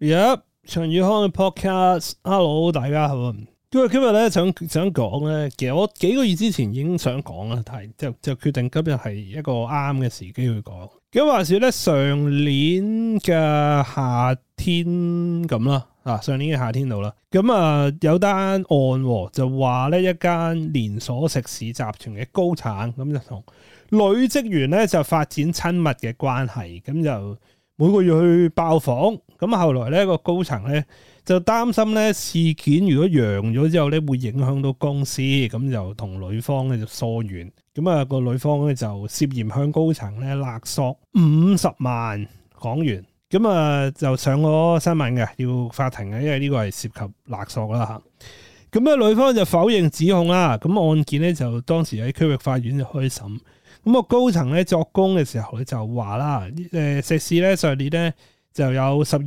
而家陳宇康嘅 podcast，hello 大家好。啊，今日咧想想講咧，其實我幾個月之前已經想講啦，但係就就決定今日係一個啱嘅時機去講。咁話說咧上年嘅夏天咁啦，啊上年嘅夏天到啦。咁啊有單案就話咧一間連鎖食肆集團嘅高層，咁就同女職員咧就發展親密嘅關係，咁就。每個月去爆房，咁後來咧個高層咧就擔心咧事件如果揚咗之後咧會影響到公司，咁就同女方咧就疏遠，咁啊個女方咧就涉嫌向高層咧勒索五十萬港元，咁啊就上咗新聞嘅，要法庭嘅，因為呢個係涉及勒索啦吓。咁啊女方就否認指控啦，咁案件咧就當時喺區域法院就開審。咁個高層咧作供嘅時候咧就話啦，誒，食肆咧上年咧就有十二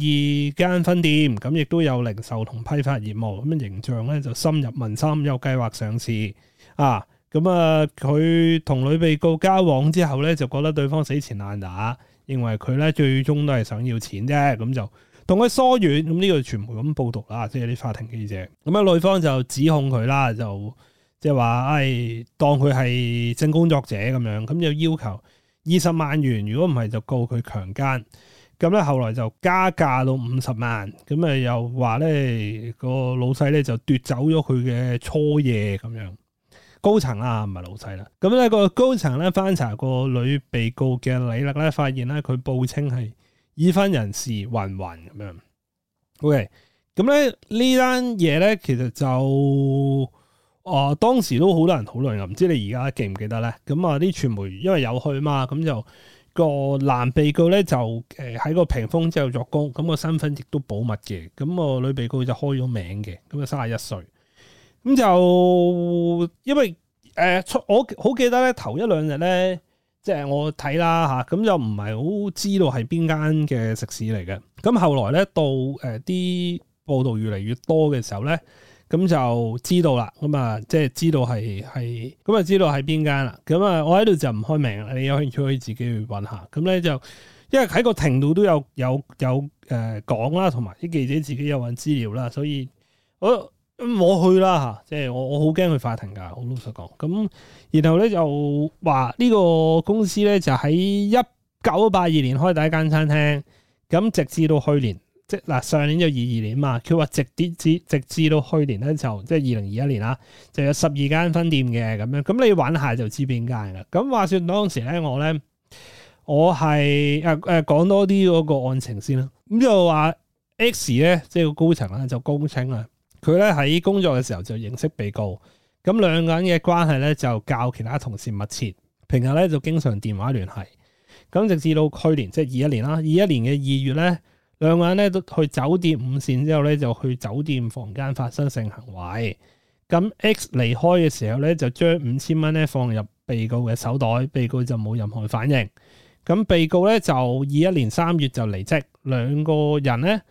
間分店，咁亦都有零售同批發業務，咁形象咧就深入民心，有計劃上市啊。咁啊，佢同女被告交往之後咧，就覺得對方死纏爛打，認為佢咧最終都係想要錢啫，咁就同佢疏遠。咁、這、呢個全媒咁報道啦，即係啲法庭記者。咁啊，女方就指控佢啦，就。即係話，係、哎、當佢係正工作者咁樣，咁就要求二十萬元，如果唔係就告佢強奸。咁咧後來就加價到五十萬，咁啊又話咧個老細咧就奪走咗佢嘅初夜咁樣。高層啊，唔係老細啦。咁咧個高層咧翻查個女被告嘅履歷咧，發現咧佢報稱係已婚人士，云云咁樣。OK，咁咧呢單嘢咧，其實就。哦、呃，當時都好多人討論噶，唔知你而家記唔記得咧？咁啊，啲傳媒因為有去嘛，咁就、那個男被告咧就誒喺、呃、個屏風之後作供，咁、那個身份亦都保密嘅。咁、那個女被告就開咗名嘅，咁啊三十一歲。咁就因為誒、呃，我好記得咧，頭一兩日咧，即、就、係、是、我睇啦吓，咁、啊、就唔係好知道係邊間嘅食肆嚟嘅。咁後來咧，到誒啲、呃、報道越嚟越多嘅時候咧。咁就知道啦，咁啊即係知道係係，咁啊知道喺邊間啦。咁啊，我喺度就唔開名啦。你有興趣可以自己去揾下。咁咧就，因為喺個庭度都有有有誒講啦，同埋啲記者自己有揾資料啦，所以我我去啦吓，即係我我好驚去法庭噶，我老實講。咁然後咧就話呢個公司咧就喺一九八二年開第一間餐廳，咁直至到去年。即嗱，上年就二二年嘛，佢話直跌至直至到去年咧，就即係二零二一年啦，就有十二間分店嘅咁樣。咁你玩下就知邊間噶。咁話說當時咧，我咧我係誒誒講多啲嗰個案情先啦。咁就話 X 咧，即係個高層咧就高清啊，佢咧喺工作嘅時候就認識被告，咁兩個人嘅關係咧就較其他同事密切，平日咧就經常電話聯繫。咁直至到去年，即係二一年啦，二一年嘅二月咧。兩個人咧都去酒店午膳之後咧就去酒店房間發生性行為。咁 X 離開嘅時候咧就將五千蚊咧放入被告嘅手袋，被告就冇任何反應。咁被告咧就二一年三月就離職。兩個人咧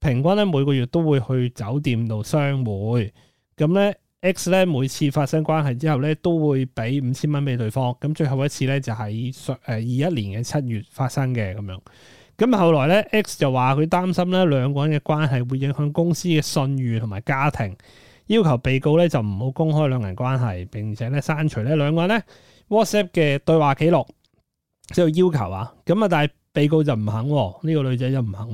平均咧每個月都會去酒店度相會。咁咧 X 咧每次發生關係之後咧都會俾五千蚊俾對方。咁最後一次咧就喺上誒二一年嘅七月發生嘅咁樣。咁後來咧，X 就話佢擔心咧兩個人嘅關係會影響公司嘅信譽同埋家庭，要求被告咧就唔好公開兩人關係，並且咧刪除咧兩個人咧 WhatsApp 嘅對話記錄，即係要求啊。咁啊，但係被告就唔肯，呢、這個女仔就唔肯。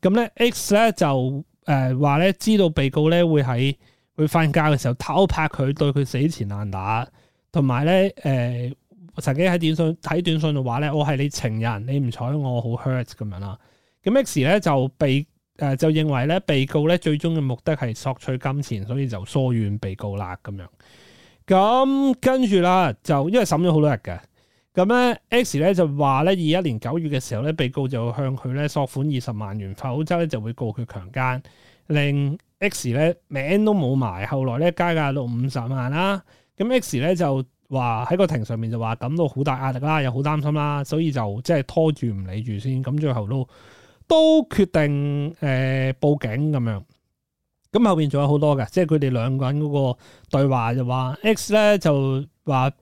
咁咧，X 咧就誒話咧知道被告咧會喺佢瞓覺嘅時候偷拍佢，對佢死纏爛打，同埋咧誒。呃曾經喺短信，睇短信嘅話咧，我係你情人，你唔睬我好 hurt 咁樣啦。咁 X 咧就被、誒、呃、就認為咧被告咧最終嘅目的係索取金錢，所以就疏遠被告啦咁樣。咁跟住啦，就因為審咗好多日嘅，咁咧 X 咧就話咧二一年九月嘅時候咧，被告就向佢咧索款二十萬元，否則咧就會告佢強姦，令 X 咧名都冇埋。後來咧加價到五十萬啦，咁 X 咧就。話喺個庭上面就話感到好大壓力啦，又好擔心啦，所以就即係拖住唔理住先，咁最後都都決定誒、呃、報警咁樣。咁後邊仲有好多嘅，即係佢哋兩個人嗰個對話就話 X 咧就話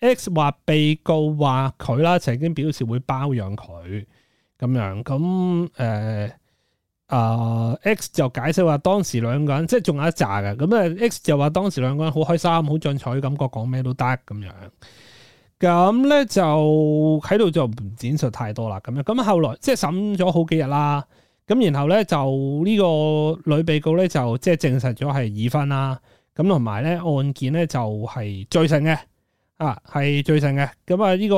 X 話被告話佢啦，曾經表示會包養佢咁樣咁誒。啊、呃、X 就解釋話當時兩個人即係仲有一紮嘅，咁啊 X 就話當時兩個人好開心、好進取，感覺講咩都得咁樣。咁咧就喺度就唔展述太多啦。咁樣咁後來即係審咗好幾日啦。咁然後咧就呢個女被告咧就即係證實咗係已婚啦。咁同埋咧案件咧就係、是、罪成嘅。啊，係罪成嘅。咁啊呢個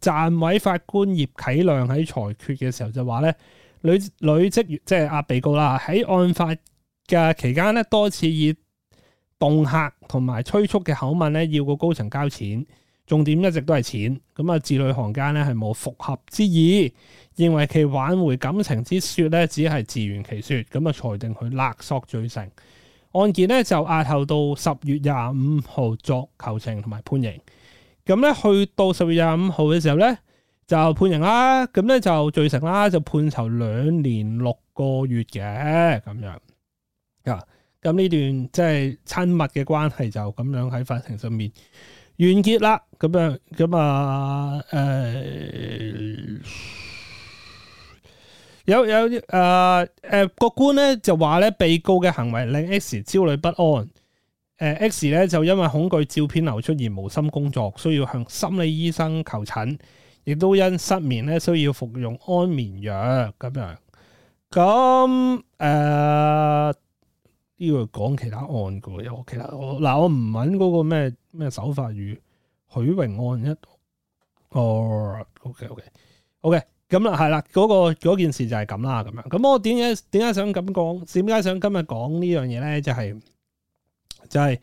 暫委法官葉啟亮喺裁決嘅時候就話咧。女，女職員即係阿被告啦，喺案發嘅期間咧，多次以恫嚇同埋催促嘅口吻咧，要個高層交錢。重點一直都係錢，咁啊字裏行間咧係冇復合之意，認為其挽回感情之説咧只係自圓其説。咁啊裁定佢勒索罪成，案件咧就押後到十月廿五號作求情同埋判刑。咁咧去到十月廿五號嘅時候咧。就判刑啦，咁咧就罪成啦，就判囚兩年六個月嘅咁樣。啊，咁呢段即係親密嘅關係就咁樣喺法庭上面完結啦。咁樣咁啊，誒，有有啲誒誒個官咧就話咧，被告嘅行為令 X 焦慮不安。誒，呃，X 咧就因為恐懼照片流出而無心工作，需要向心理醫生求診。亦都因失眠咧，需要服用安眠藥咁樣。咁誒，呢、呃呢個要講其他案嘅，有其他我嗱，我唔揾嗰個咩咩手法與許榮案一。哦，OK，OK，OK，咁啦，係、okay, 啦、okay, okay，嗰、嗰個嗰件事就係咁啦，咁樣。咁我點解點解想咁講？點解想今日講呢樣嘢咧？就係、係、就係、係，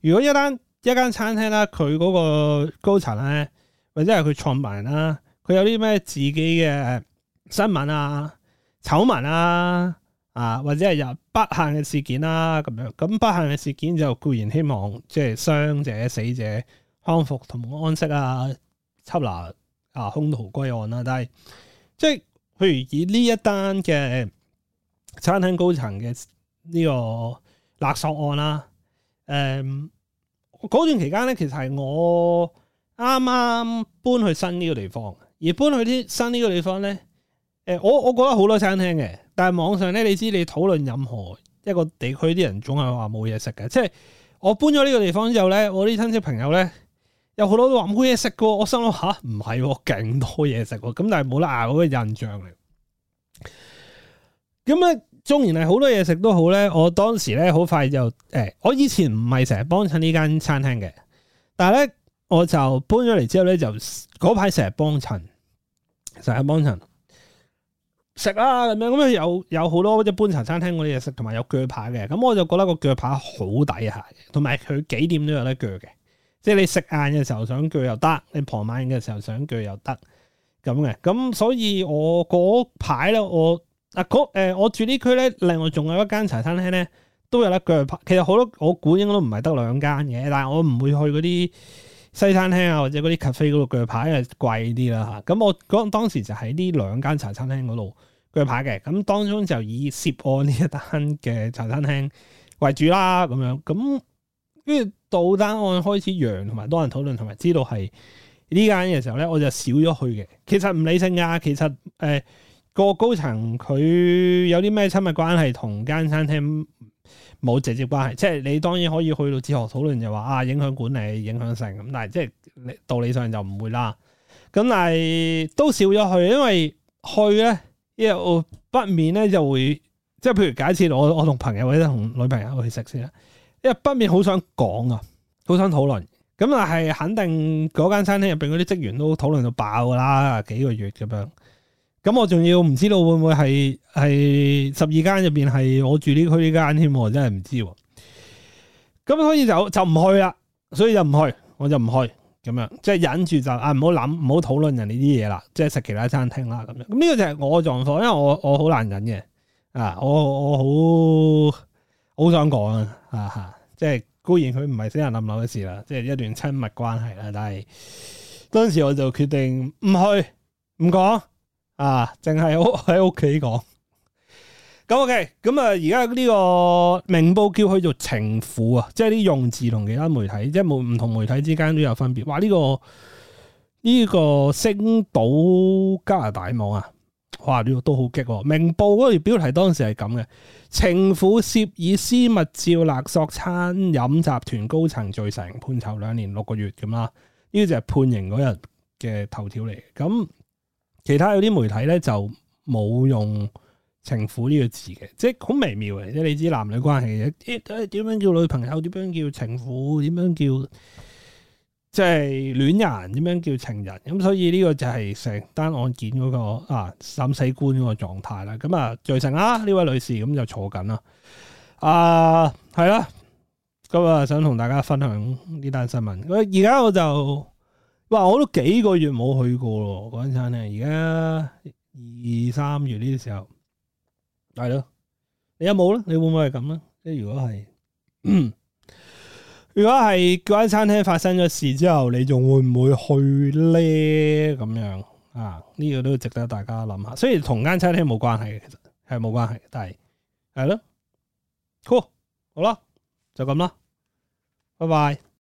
如果一單一間餐廳咧，佢嗰個高層咧。或者係佢創辦人啦，佢有啲咩自己嘅新聞啊、醜聞啊，啊或者係有不幸嘅事件啦、啊、咁樣，咁不幸嘅事件就固然希望即係傷者、死者康復同安息啊，緝拿啊凶徒歸案啦、啊。但係即係譬如以呢一單嘅餐廳高層嘅呢個勒索案啦、啊，誒、嗯、嗰段期間咧，其實係我。啱啱搬去新呢個地方，而搬去啲新呢個地方咧，誒，我我覺得好多餐廳嘅，但係網上咧，你知你討論任何一個地區啲人，總係話冇嘢食嘅。即係我搬咗呢個地方之後咧，我啲親戚朋友咧，有好多都話冇嘢食嘅，我心諗吓唔係，勁、啊、多嘢食，咁但係冇得拗我嘅印象嚟。咁咧，縱然係好多嘢食都好咧，我當時咧好快就誒、欸，我以前唔係成日幫襯呢間餐廳嘅，但係咧。我就搬咗嚟之後咧，就嗰排成日幫襯，成日幫襯食啊咁樣咁，有有好多一搬茶餐廳嗰啲嘢食，同埋有鋸扒嘅。咁我就覺得個鋸扒好抵下嘅，同埋佢幾點都有得鋸嘅。即係你食晏嘅時候想鋸又得，你傍晚嘅時候想鋸又得咁嘅。咁所以我嗰排咧，我啊誒、呃、我住呢區咧，另外仲有一間茶餐廳咧都有得鋸扒。其實好多我估應該都唔係得兩間嘅，但係我唔會去嗰啲。西餐廳啊，或者嗰啲 cafe 嗰度鋸牌啊，貴啲啦嚇。咁我嗰當時就喺呢兩間茶餐廳嗰度鋸牌嘅。咁當中就以涉案呢一單嘅茶餐廳為主啦。咁樣咁。跟住到單案開始揚同埋多人討論同埋知道係呢間嘅時候咧，我就少咗去嘅。其實唔理性噶。其實誒個，呃、高層佢有啲咩親密關係同間餐廳？冇直接關係，即係你當然可以去到哲學討論就話啊，影響管理影響性咁，但係即係道理上就唔會啦。咁但係都少咗去，因為去咧，因為不免咧就會即係譬如假設我我同朋友或者同女朋友去食先啦，因為不免好想講啊，好想討論。咁但係肯定嗰間餐廳入邊嗰啲職員都討論到爆噶啦，幾個月咁樣。咁我仲要唔知道會唔會係係十二間入邊係我住呢區呢間添喎，真係唔知。咁所以就就唔去啦，所以就唔去，我就唔去咁樣，即係忍住就啊唔好諗，唔好討論人哋啲嘢啦，即係食其他餐廳啦咁樣。咁呢個就係我嘅狀況，因為我我好難忍嘅，啊我我好好想講啊吓，即係固然佢唔係死人冧樓嘅事啦，即係一段親密關係啦，但係當時我就決定唔去唔講。啊，淨係屋喺屋企講，咁 OK，咁啊，而家呢個明報叫佢做情婦啊，即係啲用字同其他媒體，即係冇唔同媒體之間都有分別。哇，呢、這個呢、這個星島加拿大網啊，哇，這個都好激喎。明報嗰條標題當時係咁嘅，情婦涉以私密照勒索餐飲集團高層，罪成判囚兩年六個月咁啦。呢、這個就係判刑嗰日嘅頭條嚟，咁。其他有啲媒體咧就冇用情婦呢個字嘅，即係好微妙嘅，即係你知男女關係嘅，點點樣叫女朋友，點樣叫情婦，點樣叫即係戀人，點樣叫情人，咁所以呢個就係成單案件嗰個啊審死官嗰個狀態啦。咁啊，罪成啊，呢位女士咁就坐緊啦。啊，係啦，咁啊想同大家分享呢單新聞。咁而家我就。哇！我都幾個月冇去過咯，嗰間餐廳。而家二三月呢啲時候，係咯，你有冇咧？你會唔會係咁咧？即係如果係，如果係嗰間餐廳發生咗事之後，你仲會唔會去咧？咁樣啊？呢個都值得大家諗下。雖然同間餐廳冇關係嘅，其實係冇關係，但係係咯。好，好啦，就咁啦，拜拜。